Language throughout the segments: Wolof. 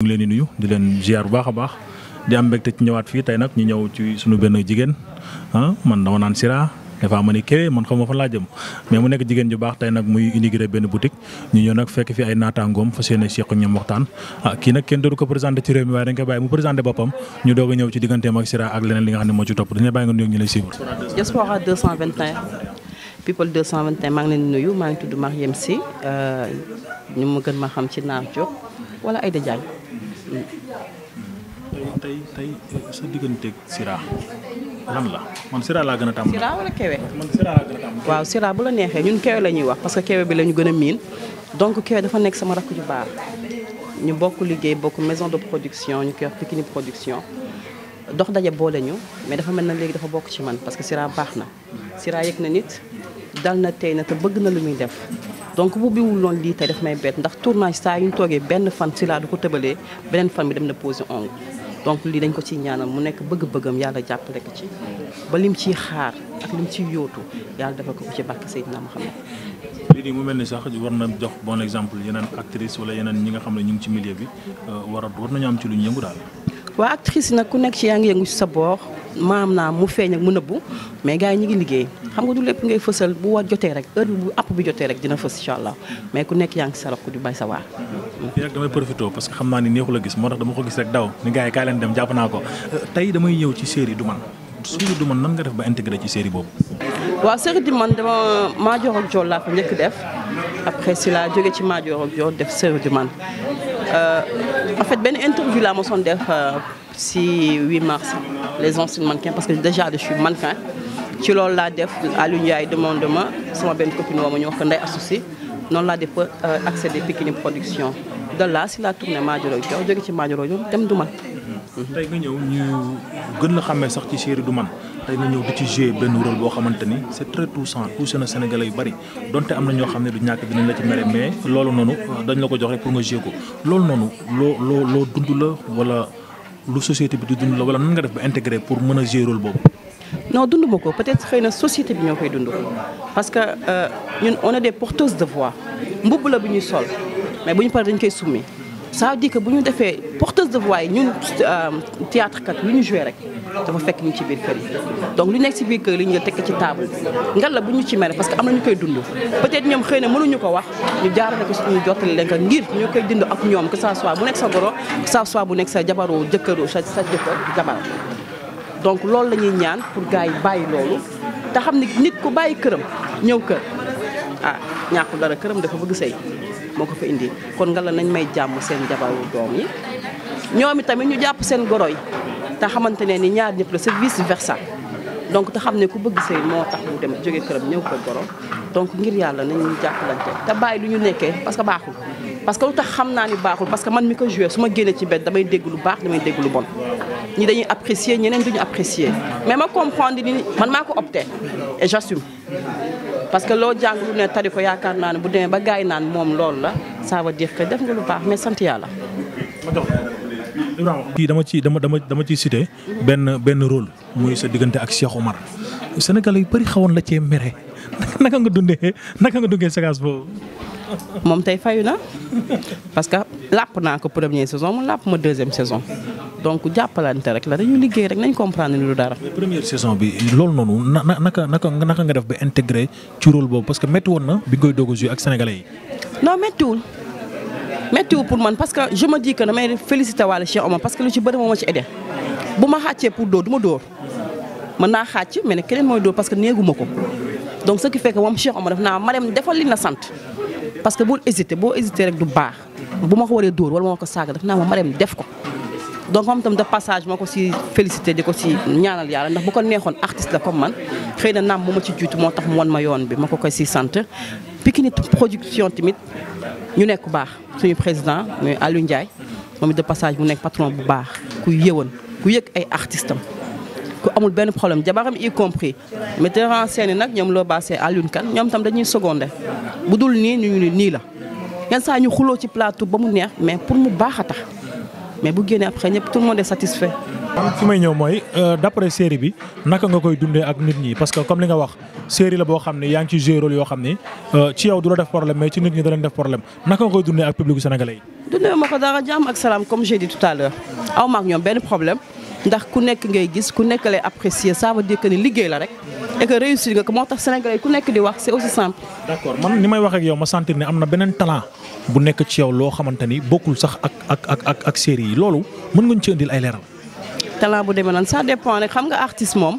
ñu ngi leen nuyu di leen ziar bu baax a baax di am mbégte ci ñëwaat fii tey nag ñu ñëw ci suñu benn jigéen ah, man dama naan Sira des fois man xam ma fa laa jëm mais mu waxtaan ah, kii nag kenn dootu ko présenté ci réew mi waaye dañ koy mu présenté boppam ñu doog a ñëw ci digganteem ak Sira ak leneen li nga xam ne moo ci topp dañu la nga nuyu ñu lay suivre. Diaspora 221 maa ngi nuyu maa ngi tudd Mariam Sy euh, ñu ma gën ma xam ci Naar wala Aïda tey tey eh, sa digganteeg Sira lan la man laa gën a tàmm. Sira wala Kewe. waaw Sira bu la neexee ñun Kewe la ñuy wax parce que Kewe bi lañu gën a miin donc Kewe dafa nekk sama rakk ju baax ñu bokk liggéey bokk maison de production ñu koy wax Pikini production dox daje boole ñu mais dafa mel na léegi dafa bokk ci man parce que Sira baax na Sira yëg na nit dal na tey na te bëgg na lu muy def. donc bu biwul loon lii tey daf may bett ndax tournage saa yu ñu toogee benn fan si laa du ko tëbalee beneen fan bi dem na posé ongle donc lii dañ ko ciy ñaanal mu nekk bëgg-bëggam yàlla jàppale ko ci ba lim ciy xaar ak lim ciy yootu yàlla defal ko ci barke Seydina Muhammad lii di mu mel ni sax war na jox bon exemple yeneen actrice wala yeneen ñi nga xam ne ñu ngi ci milieu bi euh, war war nañu am ci lu ñu yëngu daal. waa actrice nag ku nekk ci yaa ngi yëngu ci sa boor maam naa mu feeñ ak mu nëbbu mais gars yi ñu ngi liggéey xam nga du lépp ngay fësal bu war jotee rek heure bi bu app bi jotee rek dina fës incha allah mais ku nekk yaa ngi sa rokk di bay sa waar fii rek que xam naa ni neexu la gis moo tax dama ko gis rek daw ni gars yi damay ñëw ci série du man série du man nan def ba intégré ci série boobu waaw série du man dama maajoor ak jool laa ko njëkk def après si laa jóge ci maajoor ak jool def série du man euh, en fait benn interview laa mosoon def euh, si 8 mars les anciens mannequins parce que déjà je suis mannequin ci loolu laa def Aliou Ndiaye demande ma sama benn copine woo ma euh, la tournée Madioro Diaw jóge ci Madioro Diaw dem du du man tey nga ñëw di ci jouer ni c'est très touchant touché na Sénégalais yu bari donte am na ñoo xam ne du ñàkk dinañ la ci mere mais loolu noonu dañ la ko jox rek pour nga jouer ko loolu noonu loo loo dund la wala. lu société bi di dund la wala nan nga def ba intégré pour mën a jouer boobu. non dund ba ko peut-être xëy na société bi ñoo koy dund parce euh, ñun on est des porteuses de voix mbubb la bu ñuy sol mais bu ñu paree dañ koy summi ça veut bu ñu defee porte force de ñun euh, théâtre kat lu ñu joué rek dafa fekk ñu ci biir kër yi donc lu nekk si biir kër li ñu nga ci table ngal la bu ñu ci mere parce que am na koy dund peut-être ñoom xëy na mënuñu ko wax ñu jaarale ko suñu jottali leen ko ngir ñu koy dund ak ñoom que ça soit bu nekk sa goro que ça bu nekk sa jabaroo jëkkëroo sa sa jëkkër jabar donc loolu la ñuy ñaan pour gars yi bàyyi loolu te xam ni nit ku bàyyi këram ñëw kër ah ñàkkul dara këram dafa bëgg sëy moo ko fa indi kon nga la nañ may jàmm seen jabaru doom yi ñoom tamit ñu jàpp seen goro yi te xamante ne ni ñaar ñëpp la c'est vice versa donc te xam ne ku bëgg sëy moo tax mu dem jóge këram ñëw ko goro donc ngir yàlla nañu jàppalante te bàyyi lu ñu nekkee parce que baaxul parce que lu tax xam naa ni baaxul parce que man mi ko joué su ma génnee ci benn damay dégg lu baax damay dégg lu bon dañu dañuy apprécier ñeneen ñu apprécier mais ma comprendre ni man maa ko opte et j'assume parce que loo jàng lu ne tari ko yaakaar naa ne bu demee ba gaay naan moom loolu la ça veut dire que def lu baax mais sant yàlla kii dama ci dama dama dama ciy cité benn benn rôle muy sa diggante ak Cheikh Omar Sénégalais yu bëri xawoon la cee mere naka nga dundee naka nga dundee séquence boobu. moom tey fayu na parce que làpp naa ko première saison mu làpp ma deuxième saison donc jàppalante rek la dañu liggéey rek nañ comprendre lu dara. première saison bi loolu noonu na naka naka naka nga def ba intégré ci rôle boobu parce que métti woon na bi nga koy doog a ak sénégalais yi. non méttiwul. méttiwul pour man parce que je me dis que damay félicité waale Cheikh Omar parce que lu ci bëri moo ma ci aidé bu ma xàccee pour dóor du ma dóor mën naa xàcc mais ne keneen mooy dóor parce que néeguma ko donc ce qui fait que moom Cheikh naa ma defal li na sant parce que bul hésité boo hésité rek baax bu ma ko waree dóor wala ko saaga def naa ma ma def ko donc moom tam de passage ma ko si félicité di ko si ñaanal yàlla ndax bu ko neexoon artiste la comme man xëy na naam mu ma ci juutu moo tax mu won ma yoon bi ma ko koy si sant Pikine production tamit ñu nekk bu baax suñu président muy Aliou Ndiaye moom it de passage mu nekk patron bu baax ku yëwan ku yëg ay artistam ku amul benn problème jabaram y compris metteur en scène nag ñoom loo baasee Alioune Kane ñoom tam dañuy secondé bu dul nii ñu ne nii la yenn saa ñu xuloo ci plateau ba mu neex mais pour mu baax a tax mais bu génnee après ñëpp tout le monde est man may ñëw mooy euh, d'après série bi naka nga koy dundee ak nit ñi parce que comme li nga wax série la boo xam ne yaa ngi ci joué yoo xam ne euh, ci yow du la def problème mais ci nit ñi da leen def problème naka nga koy dundee ak public sénégalais yi. dundee ma ko dara jàmm ak salaam comme j'ai dit tout à l'heure aw ñoom benn problème ndax ku nekk ngay gis ku nekk lay apprécier ça veut dire ni liggéey la rek. et que réussir nga ko moo tax sénégalais ku nekk di wax c'est aussi simple. may wax ak yow ma sentir ne am na beneen talent bu nekk ci yow loo xamante ni bokkul sax ak ak ak ak série yi loolu mën nga ñu ci indil ay talent bu demee nan ça dépend rek xam nga artiste moom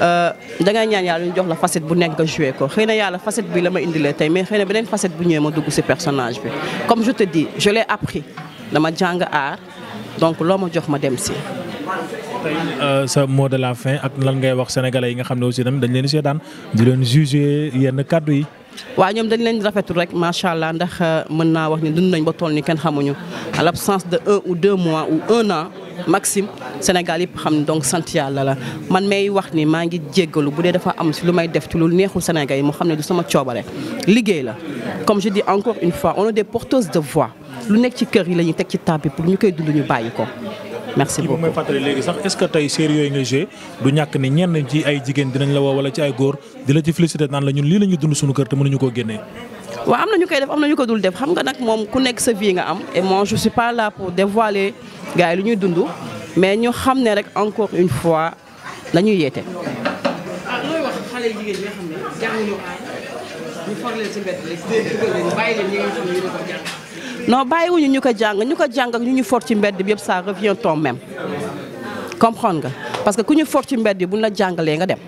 euh, dangay ñaan yàlla ñu jox la facette bu nekk nga joué ko xëy na yàlla facette la ma indilee tey mais xëy beneen facette bu ñëwee ma dugg ci personnage bi comme je te dis je l'ai appris dama jàng art donc loo ma jox ma dem ci. Euh, sa mot de la fin ak lan ngay wax sénégalais yi nga xam ne aussi tamit dañ leen seetaan di leen jugé yenn kàddu yi. waaw ñoom dañ leen rafetul rek macha allah ndax euh, mën naa wax ni dund nañ ba toll ni kenn xamuñu à l'absence de un ou deux mois ou Maxime Sénégal yëpp xam donc sant yàlla la man may wax ni maa ngi jéggalu bu dee dafa am si lu may def ci lu neexul Sénégal yi moo xam ne du sama coobare liggéey la comme je dis encore une fois on est des de voix lu nekk ci kër yi la teg ci table pour ñu koy dund ñu bàyyi ko merci beaucoup léegi sax est-ce que tey du ñàkk ne ñenn ci ay jigéen dinañ la woo wala ci ay góor di ci félicité naan la lii la dund suñu kër gars yi lu ñuy dund mais ñu xam ne rek encore une fois la ñuy yeete. ah looy wax ñu ñu ko jàng. ñu ko jàng ñu ko jàng ci mbedd bi yëpp ça revient au même nga parce que ku ñu for ci mbedd bi buñ la jàngalee nga dem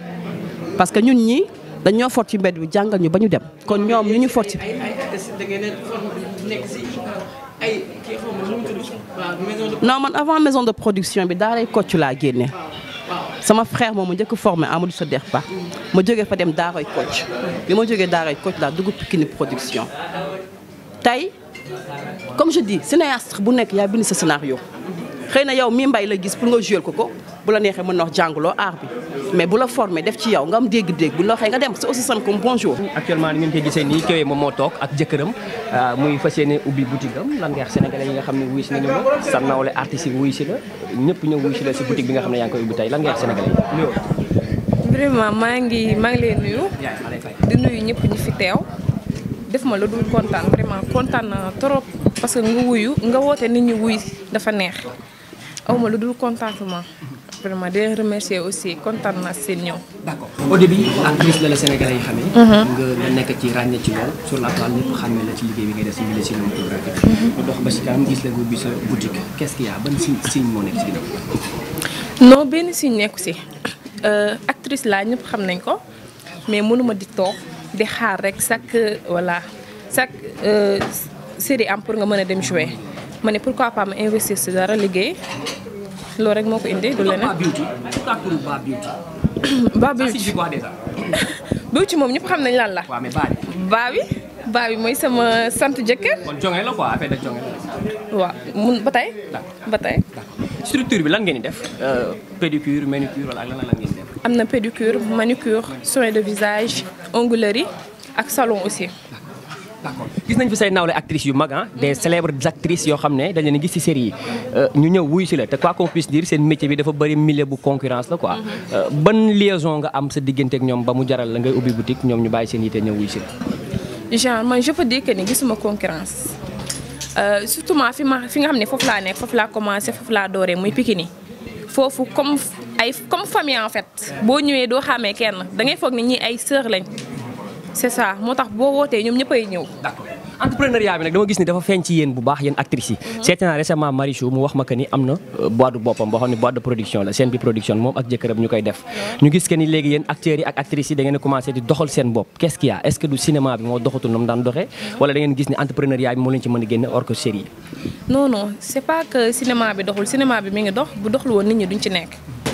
parce que ñun ñi dañoo for ci mbedd bi jàngal ñu ba ñu dem kon ñoom ñu ñu for ci. ay kii xaw man avant maison de production bi daaray koc laa génne. sama frère moom ma njëkk formé Amadou Soder Ba ma jógee fa dem daaray Kocc bi ma jógee daaray Kocc laa dugg Pikini production tey comme je di cinéaste bu nekk yaa bind sa scénario xëy na yow mi mbay la gis pour nga jouer ko ko. bu la neexee mën na wax jàngloo aar bi mais bu la formé def ci yow ngam dégg-dégg bu la waxee nga dem c'est aussi simple comme bonjour. actuellement ni ngeen koy gisee nii Kewé moom moo toog ak jëkkëram euh, muy fas yéene ubbi boutique am lan nga wax sénégalais nga xam ne wuyu si nañu la sa nawle artistes yi wuyu si la ñëpp ñëw wuyu si la si boutique bi nga xam ne yaa ngi koy ubbi tey lan nga wax sénégalais yi. vraiment maa ngi maa ngi lay nuyu. di nuyu ñëpp ñi fi teew. def ma lu dul kontaan vraiment kontaan na trop parce que nga wuyu nga woote nit ñi wuy dafa neex awma lu vraiment di remercier aussi kontaan naa seen ñëw. d'accord au début actrice la la Sénégalais yi xamee. Mhm. nga nga nekk ci ràññee ci lool sur la toile ñëpp xàmmee la ci liggéey bi ngay def si milieu mhm. si kanam gis la nga nekk si ginnaaw. benn signe nekku si euh, actrice la ñëpp xam nañ ko mais mënuma di toog di xaar rek chaque voilà chaque euh, série am pour nga mën a dem jouer ma ne pourquoi pas investir si dara liggéey. loolu rek moo ko indi du leneen. ba beauty beauty moom ñëpp xam nañ laal la. baa bi baa bi mooy sama sant jëkkër. kon jonge la quoi affaire de jonge waaw mun ba tey. ba tey. structure bi lan ngeen di def euh, pédicure manucure wala ak lan lan ngeen di def. am na pédicure manucure soin de visage onglerie ak salon aussi. d' gis nañ fi say nawle actrices yu mag ah des célèbres actrices yoo xam ne dañ leen gis ci série yi euh, ñu ñëw wuyu si la te quoi qu'on puisse dire seen métier bi dafa bëri milieu bu concurrence la quoi. Mhm. Euh, ban liaison nga am sa diggante ñoom ba mu jaral la ngay ubbi boutique ñoom ñu bàyyi seen yite ñëw wuyu si la. genre man je peux dire que ni gisuma concurrence euh, surtout fi nga xam ne foofu laa nekk foofu laa commencé foofu laa dooree muy Pikini foofu comme ay comme famille en fait boo ñëwee doo xàmmee kenn da ngay foog ni ñi ay sœur lañ. c'est ça moo tax boo wootee ñoom ñëppay ñëw. d'accord entrepreneuriat nag dama gis ni dafa feeñ ci yéen bu baax yéen actrices yi. Mhm. seeti naa récemment Marichou mu wax ma que ni am na euh, boîte boppam boo xam ne boîte de production doxal seen bopp quest est-ce que du cinéma bi moo doxatul na daan doxee. Mhm. wala da gis ni entrepreneuriat bi moo leen ci mën a génne or yi. non non c'est pas que cinéma bi doxul cinéma bi mi ngi dox bu doxul woon nit ñi duñ ci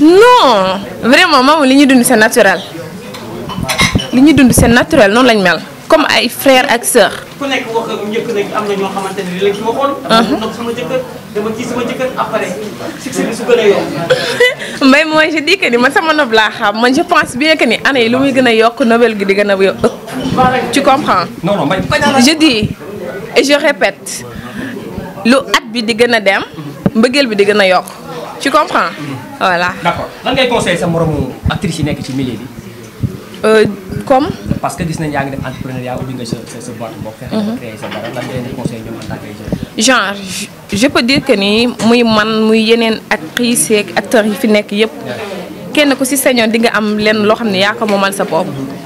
non vraiment Mamour li ñuy dund c'est naturel li ñuy dund c'est naturel noonu lañ mel comme ay frère ak sœur. ku nekk njëkk am na uh-huh. su mbay mooy je dis que ni man sama nob laa xam man je pense bien que ni année yi lu muy gën a yokk nobel gi di gën a ëpp. ci comprends. non non je dis je répète lu at bi di gën a dem mbëggeel bi di gën a yokk ci comprends. voilà d'accord lan ngay conseil sa moromu actrice yi nekk ci milieu bi. Euh, comme. parce que gis nañ yaa ngi def entrepreneuriat ubbi nga sa sa sa boîte fexe nga mhm. sa dara lan ngay leen conseil ñoom genre je peux dire que nii muy man muy yeneen ak yeeg acteurs yi fi nekk yëpp kenn ku si sañoon di nga am lenn loo xam ne yaa ko moomal sa bopp. Mhm.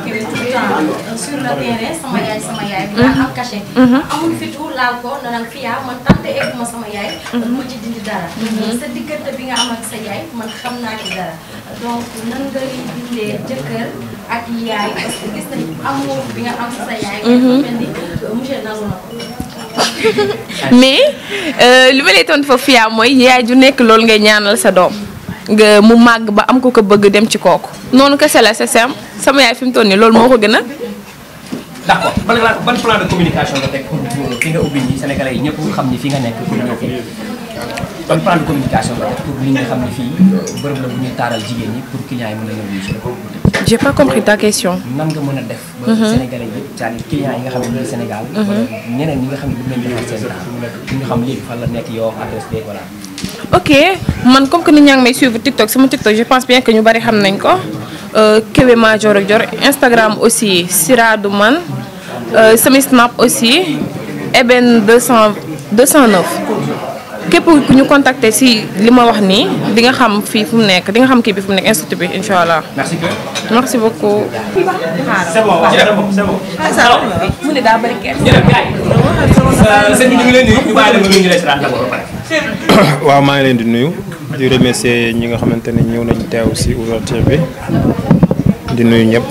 sama yaay sama yaay bi mhm. daan am cachet mhm. amul fitu laal egguma sama yaay mhm. mu ci dindi dara sa diggante bi nga am sa yaay man xam naa ci dara donc nan nga dindee jëkkër ak yaay gis nañ amour bi nga am sa yaay mais euh, li ma lay tontu fa fiyaa mooy yaay ju nekk loolu ngay ñaanal sa doom nga mu màgg ba am ko ko bëgg dem ci kooku noonu kese la c'est simple sama yaay fi mu toll nii loolu moo ko gën a. d'accord ban ban plan de communication nga teg pour fi nga ubbi ñi Sénégalais xam ni fii ban plan de communication nga teg pour nit bërëb la bu ñuy taaral jigéen ñi pour clients yi mën a nga mën a def. ba mhm. Sénégalais yi cest à nga xam ne ñu mhm. ñi nga xam ne bu ñu leen seen taal ñu xam léegi fan la nekk yow adresse bi voilà. ok man comme que nit ñaa may suivre TikTok sama TikTok je pense bien que ñu bari xam nañ ko Euh, Kébéma Joro Jor Instagram aussi Siradou Man euh, sami snap aussi Eben 200 209 képp ku ñu contacter si li ma wax nii di nga xam fii fu mu nekk di nga xam kii bi fu mu nekk institut bi incha allah. merci beaucoup waaw maa ngi leen di nuyu di remercier ñi nga xamante ne ñëw nañ teew si ouverture bi di nuyu ñëpp.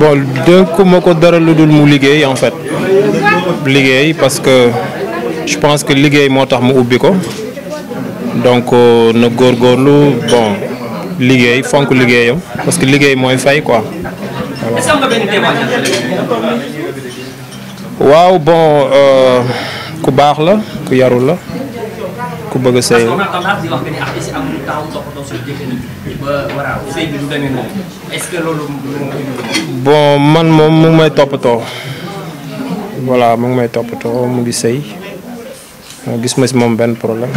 bon dénk ko dara lu dul mu liggéey en fait liggéey parce que je pense que liggéey moo tax mu ubbi ko. donc euh, na góorgóorlu bon liggéey fonk liggéeyam parce que liggéey mooy fay quoi. waaw bon euh, ku baax la ku yaru la ku bëgg a sëy la. bon man moom mu ngi may toppatoo voilà mu ngi may toppatoo mu ngi sëy gis ma si moom benn problème.